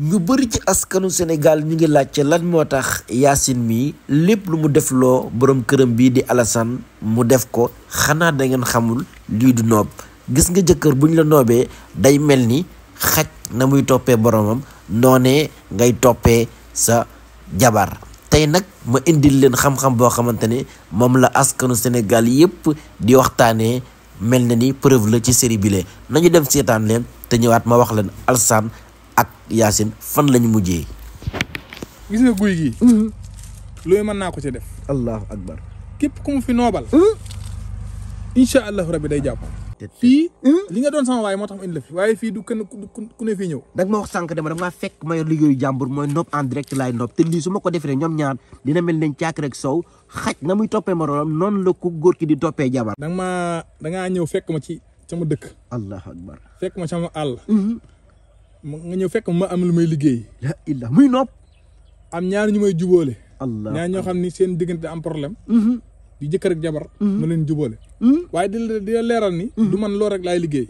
ñu bëri ci askanu Sénégal ñu ngi laajte lan moo tax yaasin mii lépp lu mu def loo borom këram bii di Alassane mu def ko xanaa dangeen xamul lii du noob gis nga jëkkër buñ la noobee day mel ni xaj na muy toppee boromam noonee ngay toppee sa jabar tey nag ma indil leen xam-xam boo xamante ne moom la askanu Sénégal yépp di waxtaanee mel na ni preuve la ci série bile nañu dem seetaan leen te ñëwaat ma wax leen Alassane yaasin fan lañu mujjee gis nga guy gi mm-hmm. loolu mën naa ko ci def allahu akbar képp ku mu fi noobal mm-hmm. incha allahu rabbi day jàpp fii mm-hmm. li nga doon sama waaye moo tax ma indi la fi waaye fii du kenn ku ne fii ñëw da nga ma wax sànq dama da ngaa fekk ma yor liggéeyu jàmbur mooy nopp en direct laay nopp te su ma ko defee ñoom ñaar dina mel nañ caak rek sow xaj na muy toppee moroom noonu la ku góor ki di toppee jabar da ma da ngaa ñëw ma ci sama dëkk allahu ma sama nga ñëw fekk ma am lu may liggéey. la illa muy nopp. am ñaar ñu may jubóole. allah ñaar ñoo xam ni seen diggante am problème. Mm-hmm. di jëkkër ak jabar. Mm-hmm. ma leen jubóole. Mm-hmm. waaye di di leeral ni. du man lool rek laay liggéey.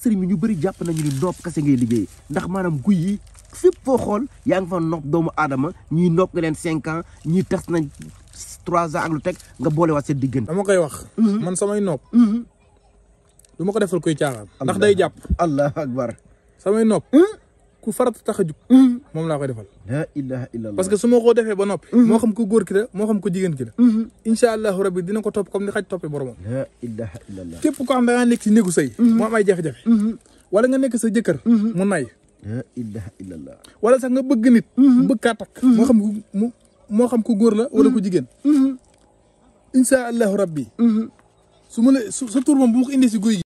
sëriñ bi ñu bëri jàpp nañu ni nopp kese ngay liggéey ndax maanaam guy yi fépp foo xool yaa ngi fa nopp doomu aadama ñii nopp nga leen cinq ans ñii tas nañ trois ans ak lu teg nga boolewaat seen diggante. dama koy wax. man samay nopp. du ma ko defal koy caaxaan. ndax day jàpp. allah akbar samay nopp. ku farata tax a jug. moom laa koy defal. la ilaha illallah parce que su ma ko defee ba noppi. moo xam ko góor ki moo xam ko jigéen ki la. incha allahu rabi dina ko topp comme ni xaj toppee boromam. la ilaha illallah. képp koo xam ne da ngaa nekk ci néegu sëy. mu wala nga nekk sa jëkkër. mu nay. wala sax nga bëgg nit. bëgg moo xam ku mu moo xam ko góor la wala ko jigéen. incha allahu rabi. su ma la sa tur moom bu si guy